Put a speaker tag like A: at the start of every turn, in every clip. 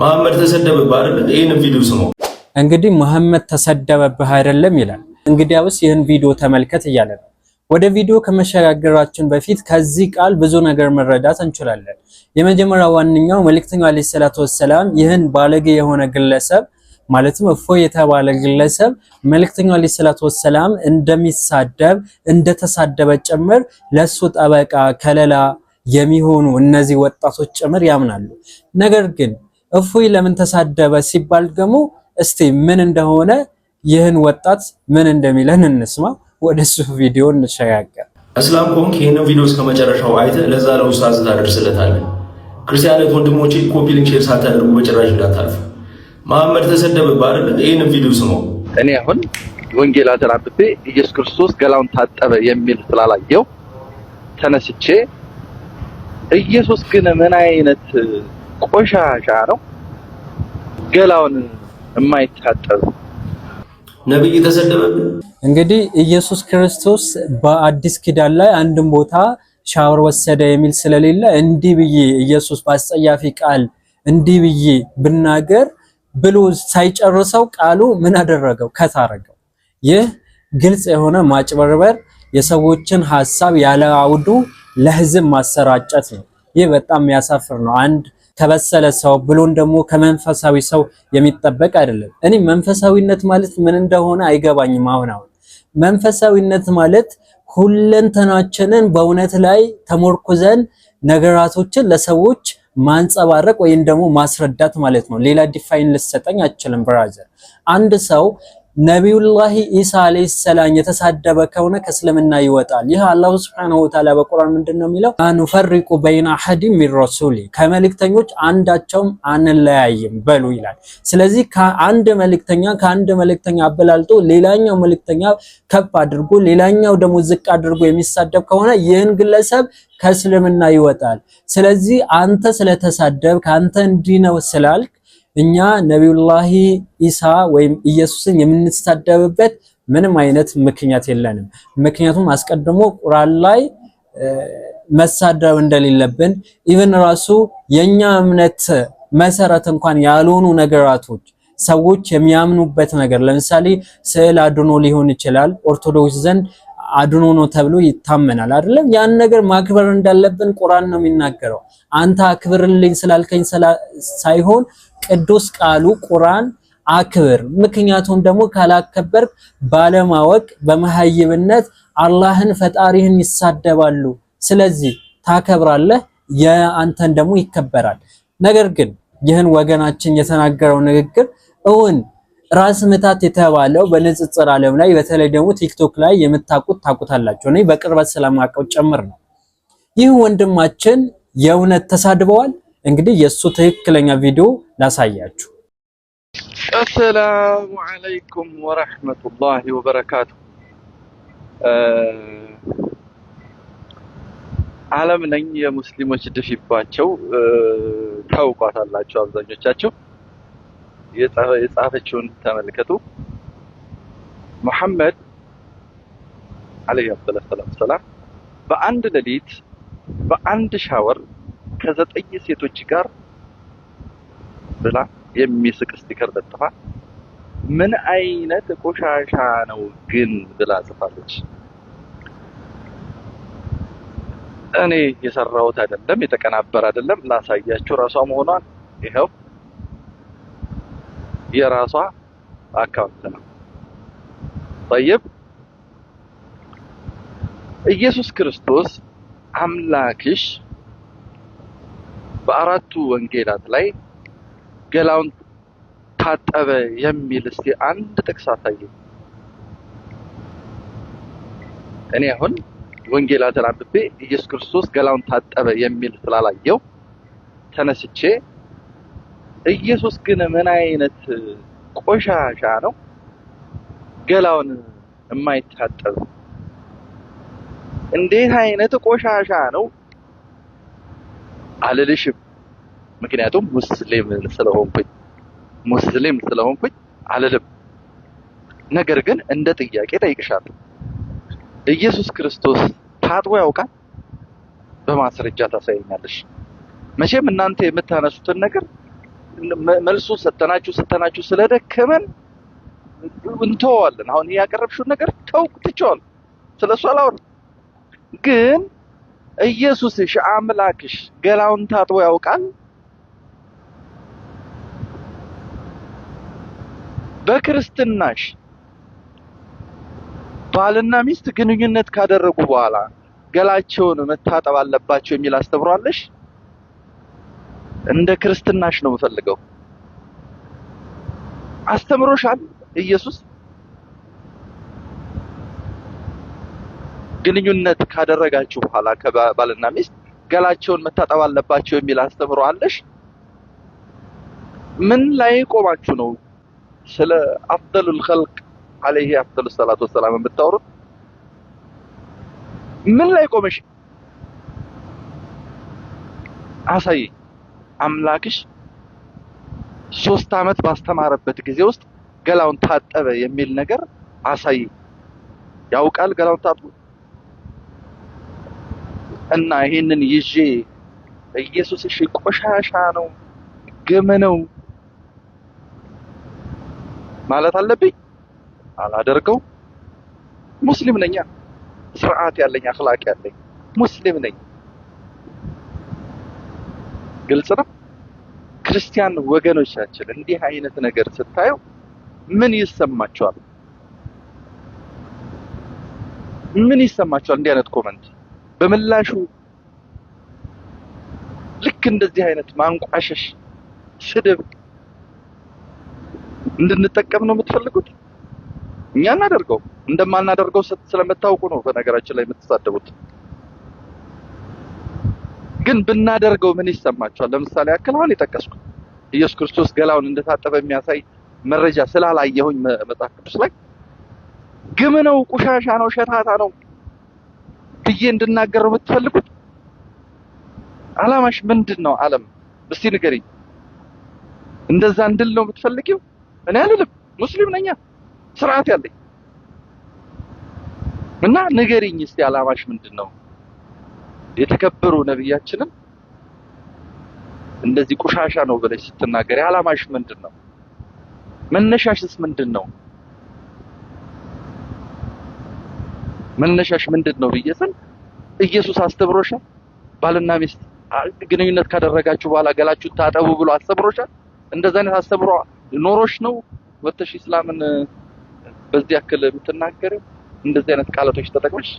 A: መሐመድ ተሰደበብህ አይደለ? ይህን ቪዲዮ ስማው። እንግዲህ መሐመድ ተሰደበብህ አይደለም ይላል። እንግዲያውስ ይህን ቪዲዮ ተመልከት እያለ ነው። ወደ ቪዲዮ ከመሸጋገራችን በፊት ከዚህ ቃል ብዙ ነገር መረዳት እንችላለን። የመጀመሪያ ዋነኛው መልእክተኛው አለይሂ ሰላቱ ወሰላም ይህን ባለጌ የሆነ ግለሰብ ማለትም እፎ የተባለ ግለሰብ መልእክተኛው አለይሂ ሰላቱ ወሰላም እንደሚሳደብ እንደተሳደበ ጭምር ለሱ ጠበቃ ከለላ የሚሆኑ እነዚህ ወጣቶች ጭምር ያምናሉ። ነገር ግን እፎይ ለምን ተሳደበ ሲባል ደግሞ እስቲ ምን እንደሆነ ይህን ወጣት ምን እንደሚለን እንስማ። ወደሱ ቪዲዮ እንሸጋገር። እስላም ኮንክ ይህንን ቪዲዮ እስከ መጨረሻው አይተ ለዛ ለውስታዝ ታደርስለታለን። ክርስቲያነት ወንድሞቼ ኮፒ ሊንክ ሼር ሳታደርጉ በጭራሽ እንዳታልፉ። መሐመድ ተሰደበ ባርል ይህንን ቪዲዮ ስማው።
B: እኔ አሁን ወንጌል አዘራብቤ ኢየሱስ ክርስቶስ ገላውን ታጠበ የሚል ስላላየው ተነስቼ ኢየሱስ ግን ምን አይነት ቆሻሻ ነው። ገላውን የማይታጠብ
A: ነብይ ተሰደበ። እንግዲህ ኢየሱስ ክርስቶስ በአዲስ ኪዳን ላይ አንድም ቦታ ሻወር ወሰደ የሚል ስለሌለ እንዲህ ብዬ ኢየሱስ በአስጸያፊ ቃል እንዲህ ብዬ ብናገር ብሎ ሳይጨርሰው ቃሉ ምን አደረገው? ከታረገው። ይህ ግልጽ የሆነ ማጭበርበር፣ የሰዎችን ሀሳብ ያለ አውዱ ለህዝብ ማሰራጨት ነው። ይህ በጣም የሚያሳፍር ነው። አንድ ከበሰለ ሰው ብሎን ደግሞ ከመንፈሳዊ ሰው የሚጠበቅ አይደለም። እኔ መንፈሳዊነት ማለት ምን እንደሆነ አይገባኝም። አሁን አሁን መንፈሳዊነት ማለት ሁለንተናችንን በእውነት ላይ ተሞርኩዘን ነገራቶችን ለሰዎች ማንጸባረቅ ወይም ደግሞ ማስረዳት ማለት ነው። ሌላ ዲፋይን ልሰጠኝ አይችልም ብራዘር። አንድ ሰው ነቢዩላህ ኢሳ አለይሂ ሰላም የተሳደበ ከሆነ ከእስልምና ይወጣል። ይህ አላሁ ስብሐነሁ ወተዓላ በቁርአን ምንድን ነው የሚለው? አንፈሪቁ በይነ አሐድ ሚን ረሱሊ ከመልእክተኞች አንዳቸውም አንለያይም በሉ ይላል። ስለዚህ ከአንድ መልእክተኛ ከአንድ መልእክተኛ አበላልጦ ሌላኛው መልእክተኛ ከፍ አድርጎ ሌላኛው ደግሞ ዝቅ አድርጎ የሚሳደብ ከሆነ ይህን ግለሰብ ከእስልምና ይወጣል። ስለዚህ አንተ ስለተሳደብ ከአንተ እንዲህ ነው ስላልክ እኛ ነቢዩላሂ ኢሳ ወይም ኢየሱስን የምንሳደብበት ምንም አይነት ምክንያት የለንም። ምክንያቱም አስቀድሞ ቁርአን ላይ መሳደብ እንደሌለብን ኢቨን ራሱ የኛ እምነት መሰረት እንኳን ያልሆኑ ነገራቶች ሰዎች የሚያምኑበት ነገር ለምሳሌ ስዕል አድኖ ሊሆን ይችላል ኦርቶዶክስ ዘንድ አድኖ ነው ተብሎ ይታመናል አይደለም። ያን ነገር ማክበር እንዳለብን ቁርአን ነው የሚናገረው። አንተ አክብርልኝ ስላልከኝ ሳይሆን ቅዱስ ቃሉ ቁርአን አክብር። ምክንያቱም ደግሞ ካላከበርክ ባለማወቅ በመሀይብነት አላህን ፈጣሪህን ይሳደባሉ። ስለዚህ ታከብራለህ፣ የአንተን ደግሞ ይከበራል። ነገር ግን ይህን ወገናችን የተናገረው ንግግር እውን ራስ ምታት የተባለው በንጽጽር ዓለም ላይ በተለይ ደግሞ ቲክቶክ ላይ የምታቁት ታቁታላችሁ። እኔ በቅርበት ስለማውቀው ጭምር ነው። ይህ ወንድማችን የእውነት ተሳድበዋል። እንግዲህ የእሱ ትክክለኛ ቪዲዮ ላሳያችሁ።
B: አሰላሙ አለይኩም ወረህመቱላሂ ወበረካቱ። አለም ነኝ የሙስሊሞች ድፊባቸው ታውቋታላችሁ አብዛኞቻችሁ። የጻፈችውን ተመልከቱ። መሐመድ አለይሂ ሰላቱ ሰላም በአንድ ሌሊት በአንድ ሻወር ከዘጠኝ ሴቶች ጋር ብላ የሚስቅ ስቲከር ለጥፋ ምን አይነት ቆሻሻ ነው ግን ብላ ጽፋለች። እኔ የሰራሁት አይደለም የተቀናበር አይደለም ላሳያችሁ እራሷ መሆኗን ይኸው የራሷ አካውንት ነው። ጠይብ ኢየሱስ ክርስቶስ አምላክሽ በአራቱ ወንጌላት ላይ ገላውን ታጠበ የሚል እስቲ አንድ ጥቅስ አሳየ። እኔ አሁን ወንጌላትን አንብቤ ኢየሱስ ክርስቶስ ገላውን ታጠበ የሚል ስላላየው ተነስቼ ኢየሱስ ግን ምን አይነት ቆሻሻ ነው! ገላውን የማይታጠብ እንዴት አይነት ቆሻሻ ነው አልልሽም። ምክንያቱም ሙስሊም ስለሆንኩኝ ሙስሊም ስለሆንኩኝ አልልም። ነገር ግን እንደ ጥያቄ ጠይቅሻለሁ። ኢየሱስ ክርስቶስ ታጥቦ ያውቃል? በማስረጃ ታሳይኛለሽ። መቼም እናንተ የምታነሱትን ነገር መልሱ ሰተናችሁ ሰተናችሁ ስለደከመን እንተዋለን። አሁን ይሄ ያቀረብሽውን ነገር ተውኩ፣ ትቼዋለሁ፣ ስለ እሱ አላወራም። ግን ኢየሱስሽ አምላክሽ ገላውን ታጥቦ ያውቃል? በክርስትናሽ ባልና ሚስት ግንኙነት ካደረጉ በኋላ ገላቸውን መታጠብ አለባቸው የሚል አስተምሯለሽ? እንደ ክርስትናሽ ነው የምፈልገው። አስተምሮሻል ኢየሱስ። ግንኙነት ካደረጋችሁ በኋላ ከባልና ሚስት ገላቸውን መታጠብ አለባቸው የሚል አስተምሮ አለሽ? ምን ላይ ቆማችሁ ነው ስለ አፍደሉል ኸልቅ አለይሂ አፍደሉ ሰላቱ ወሰላም የምታወሩት? ምን ላይ ቆመሽ አሳይኝ። አምላክሽ ሶስት ዓመት ባስተማረበት ጊዜ ውስጥ ገላውን ታጠበ የሚል ነገር አሳይ። ያውቃል ገላውን ታጥቦ እና ይሄንን ይዤ ኢየሱስ እሺ ቆሻሻ ነው ገመ ነው ማለት አለብኝ? አላደርገው። ሙስሊም ነኛ፣ ስርዓት ያለኝ አክላቅ ያለኝ ሙስሊም ነኝ። ግልጽ ነው። ክርስቲያን ወገኖቻችን እንዲህ አይነት ነገር ስታዩ ምን ይሰማቸዋል? ምን ይሰማቸዋል? እንዲህ አይነት ኮመንት በምላሹ ልክ እንደዚህ አይነት ማንቋሸሽ፣ ስድብ እንድንጠቀም ነው የምትፈልጉት? እኛ እናደርገው እንደማናደርገው ስለምታውቁ ነው በነገራችን ላይ የምትሳደቡት። ግን ብናደርገው ምን ይሰማቸዋል? ለምሳሌ ያክል አሁን የጠቀስኩ ኢየሱስ ክርስቶስ ገላውን እንደታጠበ የሚያሳይ መረጃ ስላላየሁኝ መጽሐፍ ቅዱስ ላይ ግም ነው፣ ቆሻሻ ነው፣ ሸታታ ነው ብዬ እንድናገር ነው የምትፈልጉት? አላማሽ ምንድን ነው? አለም እስቲ ንገሪኝ። እንደዛ እንድል ነው የምትፈልጊው? እኔ አልልም። ሙስሊም ነኛ ስርዓት ያለኝ እና ንገሪኝ እስቲ አላማሽ ምንድን ነው? የተከበሩ ነቢያችንም እንደዚህ ቆሻሻ ነው ብለሽ ስትናገር አላማሽ ምንድን ነው? መነሻሽስ ምንድን ነው? መነሻሽ ምንድን ነው ብዬ ስል ኢየሱስ አስተምሮሻል፣ ባልና ሚስት ግንኙነት ካደረጋችሁ በኋላ ገላችሁ ታጠቡ ብሎ አስተምሮሻል። እንደዛ አይነት አስተምሮ ኖሮሽ ነው ወጥተሽ ኢስላምን በዚህ ያክል የምትናገር? እንደዚህ አይነት ቃላቶች ተጠቅመሽ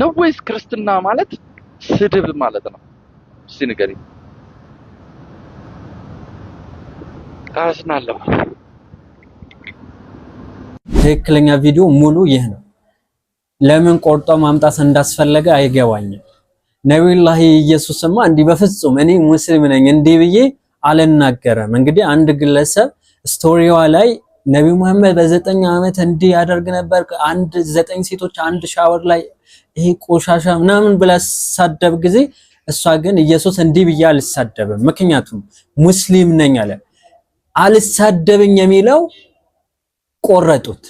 B: ነው ወይስ ክርስትና ማለት ስድብ ማለት ነው? እስቲ ንገሪ። ታስናለሁ።
A: ትክክለኛ ቪዲዮ ሙሉ ይህ ነው። ለምን ቆርጦ ማምጣት እንዳስፈለገ አይገባኝም። ነቢዩላህ ኢየሱስማ እንዲህ በፍጹም እኔ ሙስሊም ነኝ እንዲህ ብዬ አልናገረም። እንግዲህ አንድ ግለሰብ ስቶሪዋ ላይ ነቢ መሐመድ በዘጠኝ ዓመት እንዲህ ያደርግ ነበር። አንድ ዘጠኝ ሴቶች አንድ ሻወር ላይ ይሄ ቆሻሻ ምናምን ብላ ሳደብ ጊዜ እሷ ግን ኢየሱስ እንዲህ ብዬ አልሳደብም፣ ምክንያቱም ሙስሊም ነኝ አለ። አልሳደብኝ የሚለው ቆረጡት።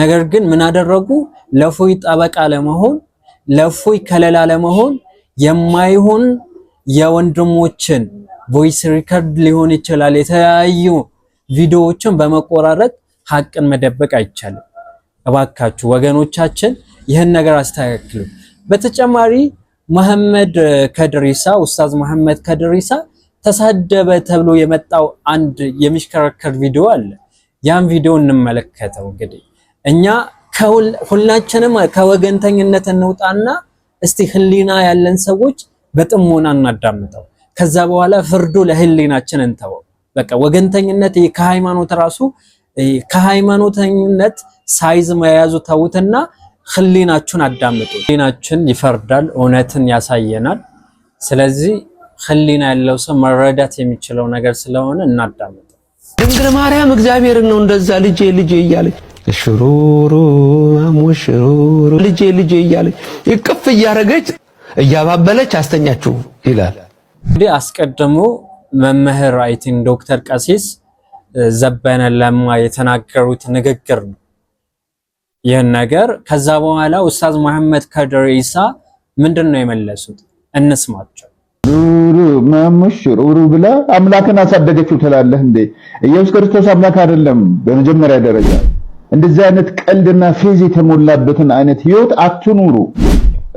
A: ነገር ግን ምን አደረጉ? ለፎይ ጠበቃ ለመሆን ለፎይ ከለላ ለመሆን የማይሆን የወንድሞችን ቮይስ ሪከርድ ሊሆን ይችላል የተለያዩ ቪዲዮዎችን በመቆራረጥ ሀቅን መደበቅ አይቻልም። እባካችሁ ወገኖቻችን ይህን ነገር አስተካክሉ። በተጨማሪ መሐመድ ከድሪሳ ኡስታዝ መሐመድ ከድሪሳ ተሳደበ ተብሎ የመጣው አንድ የሚሽከረከር ቪዲዮ አለ። ያን ቪዲዮ እንመለከተው። እንግዲህ እኛ ሁላችንም ከወገንተኝነት እንውጣና እስቲ ህሊና ያለን ሰዎች በጥሞና እናዳምጠው። ከዛ በኋላ ፍርዱ ለህሊናችን እንተወው። በቃ ወገንተኝነት ከሃይማኖት ራሱ ከሃይማኖተኝነት ሳይዝ መያዙ ተውትና ህሊናችሁን አዳምጡ። ህሊናችን ይፈርዳል፣ እውነትን ያሳየናል። ስለዚህ ህሊና ያለው ሰው መረዳት የሚችለው ነገር ስለሆነ እናዳምጡ። ድንግል ማርያም እግዚአብሔርን ነው እንደዛ ልጄ ልጄ እያለች ሽሩሩ ሙሽሩሩ ልጄ ልጄ እያለች ይቅፍ እያረገች እያባበለች አስተኛችሁ ይላል እንግዲህ አስቀድሞ መምህር አይ ቲንክ ዶክተር ቀሲስ ዘበነ ለማ የተናገሩት ንግግር ነው። ይህን ነገር ከዛ በኋላ ኡስታዝ መሐመድ ከድር ኢሳ ምንድን ነው የመለሱት? እንስማቸው። ሙሽር ሩ ብላ አምላክን አሳደገችው ትላለህ እንዴ? ኢየሱስ ክርስቶስ አምላክ አይደለም። በመጀመሪያ ደረጃ እንደዚህ አይነት ቀልድና ፌዝ የተሞላበትን አይነት ህይወት አትኑሩ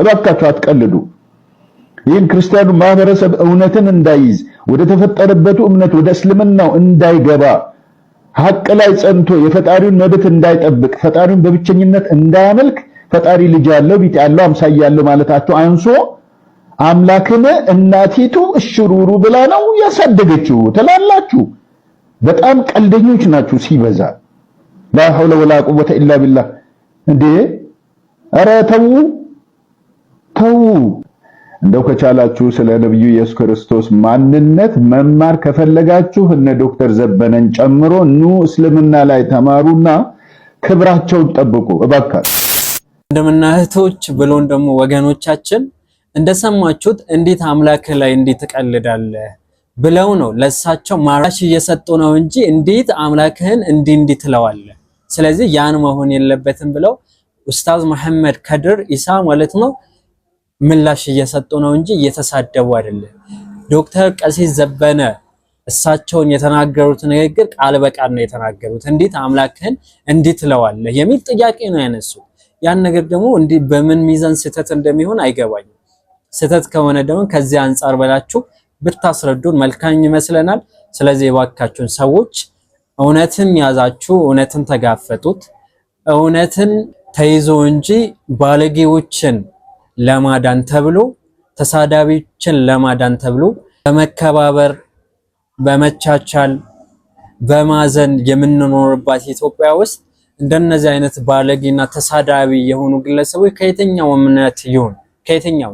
A: እባካችሁ፣ አትቀልዱ። ይህን ክርስቲያኑ ማህበረሰብ እውነትን እንዳይዝ ወደ ተፈጠረበት እምነት ወደ እስልምናው እንዳይገባ ሐቅ ላይ ጸንቶ የፈጣሪውን መብት እንዳይጠብቅ ፈጣሪውን በብቸኝነት እንዳያመልክ ፈጣሪ ልጅ ያለው ቢጤ ያለው አምሳያ ያለው ማለታቸው አንሶ አምላክን እናቲቱ እሽሩሩ ብላ ነው ያሳደገችው ትላላችሁ። በጣም ቀልደኞች ናችሁ ሲበዛ። ላ ሐውለ ወላ ቁወተ ኢላ ቢላህ። እንዴ ኧረ ተው ተው። እንደው ከቻላችሁ ስለ ነብዩ ኢየሱስ ክርስቶስ ማንነት መማር ከፈለጋችሁ እነ ዶክተር ዘበነን ጨምሮ ኑ እስልምና ላይ ተማሩና ክብራቸውን ጠብቁ እባካ። እንደምና እህቶች ብሎን ደግሞ ወገኖቻችን እንደሰማችሁት እንዴት አምላክ ላይ እንዴት ትቀልዳለህ ብለው ነው ለሳቸው ማራሽ እየሰጡ ነው እንጂ እንዴት አምላክህን እንዲህ እንዲህ ትለዋለህ። ስለዚህ ያን መሆን የለበትም ብለው ኡስታዝ መሐመድ ከድር ኢሳ ማለት ነው ምላሽ እየሰጡ ነው እንጂ እየተሳደቡ አይደለም። ዶክተር ቀሲስ ዘበነ እሳቸውን የተናገሩት ንግግር ቃል በቃል ነው የተናገሩት። እንዴት አምላክህን እንዴት ትለዋለህ የሚል ጥያቄ ነው ያነሱ ያን ነገር ደግሞ እንዲህ በምን ሚዛን ስህተት እንደሚሆን አይገባኝም። ስህተት ከሆነ ደግሞ ከዚህ አንጻር በላችሁ ብታስረዱን መልካም ይመስለናል። ስለዚህ የባካችሁን ሰዎች እውነትን ያዛችሁ፣ እውነትን ተጋፈጡት። እውነትን ተይዞ እንጂ ባለጌዎችን ለማዳን ተብሎ ተሳዳቢዎችን ለማዳን ተብሎ በመከባበር በመቻቻል በማዘን የምንኖርባት ኢትዮጵያ ውስጥ እንደነዚህ አይነት ባለጌና ተሳዳቢ የሆኑ ግለሰቦች ከየትኛው እምነት ይሁን ከየትኛው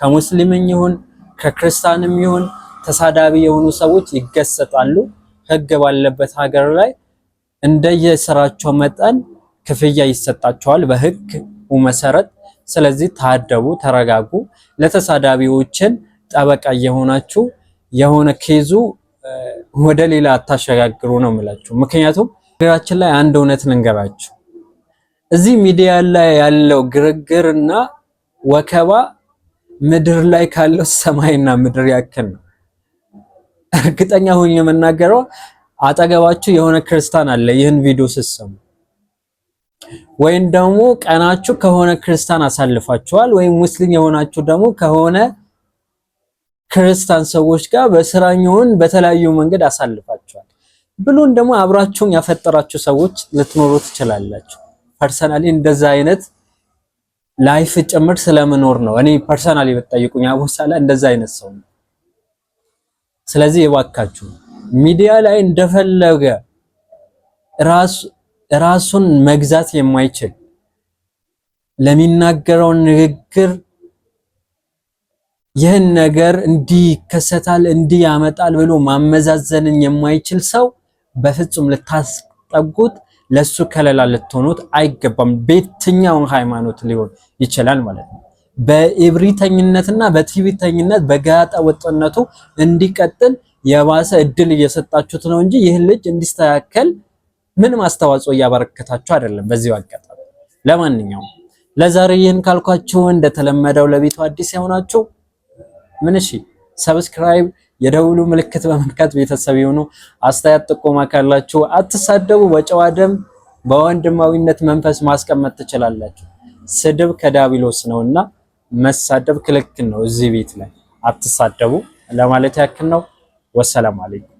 A: ከሙስሊምም ይሁን ከክርስቲያንም ይሁን ተሳዳቢ የሆኑ ሰዎች ይገሰጣሉ። ሕግ ባለበት ሀገር ላይ እንደየስራቸው መጠን ክፍያ ይሰጣቸዋል በህግ መሰረት ስለዚህ ታደቡ፣ ተረጋጉ። ለተሳዳቢዎችን ጠበቃ የሆናችሁ የሆነ ኬዙ ወደ ሌላ አታሸጋግሩ ነው የምላችሁ። ምክንያቱም ሀገራችን ላይ አንድ እውነት ልንገራችሁ፣ እዚህ ሚዲያ ላይ ያለው ግርግርና ወከባ ምድር ላይ ካለው ሰማይና ምድር ያክል ነው። እርግጠኛ ሆኜ የምናገረው አጠገባችሁ የሆነ ክርስቲያን አለ ይህን ቪዲዮ ስትሰሙ ወይም ደግሞ ቀናችሁ ከሆነ ክርስቲያን አሳልፋችኋል ወይም ሙስሊም የሆናችሁ ደግሞ ከሆነ ክርስቲያን ሰዎች ጋር በስራኝውን በተለያዩ መንገድ አሳልፋችኋል። ብሎን ደግሞ አብራችሁም ያፈጠራችሁ ሰዎች ልትኖሩ ትችላላችሁ። ፐርሰናሊ እንደዛ አይነት ላይፍ ጭምር ስለመኖር ነው። እኔ ፐርሰናሊ በጠይቁኝ አቦሳላ እንደዛ አይነት ሰው ነው። ስለዚህ የባካችሁ ሚዲያ ላይ እንደፈለገ ራስ ራሱን መግዛት የማይችል ለሚናገረው ንግግር ይህን ነገር እንዲህ ይከሰታል እንዲህ ያመጣል ብሎ ማመዛዘንን የማይችል ሰው በፍጹም ልታስጠጉት ለሱ ከለላ ልትሆኑት አይገባም። በየትኛውን ሃይማኖት ሊሆን ይችላል ማለት ነው። በእብሪተኝነትና በትዕቢተኝነት በጋጠ ወጥነቱ እንዲቀጥል የባሰ እድል እየሰጣችሁት ነው እንጂ ይህን ልጅ እንዲስተካከል ምንም አስተዋጽኦ እያበረከታችሁ አይደለም። በዚሁ አጋጣሚ ለማንኛውም ለዛሬ ይህን ካልኳችሁ እንደተለመደው ለቤቱ አዲስ የሆናችሁ ምን እሺ ሰብስክራይብ የደውሉ ምልክት በመንካት ቤተሰብ የሆኑ አስተያየት ጥቆማ ካላችሁ አትሳደቡ። በጨዋ ደም በወንድማዊነት መንፈስ ማስቀመጥ ትችላላችሁ። ስድብ ከዳቢሎስ ነውና መሳደብ ክልክል ነው። እዚህ ቤት ላይ አትሳደቡ ለማለት ያክል ነው። ወሰላም አለይኩም።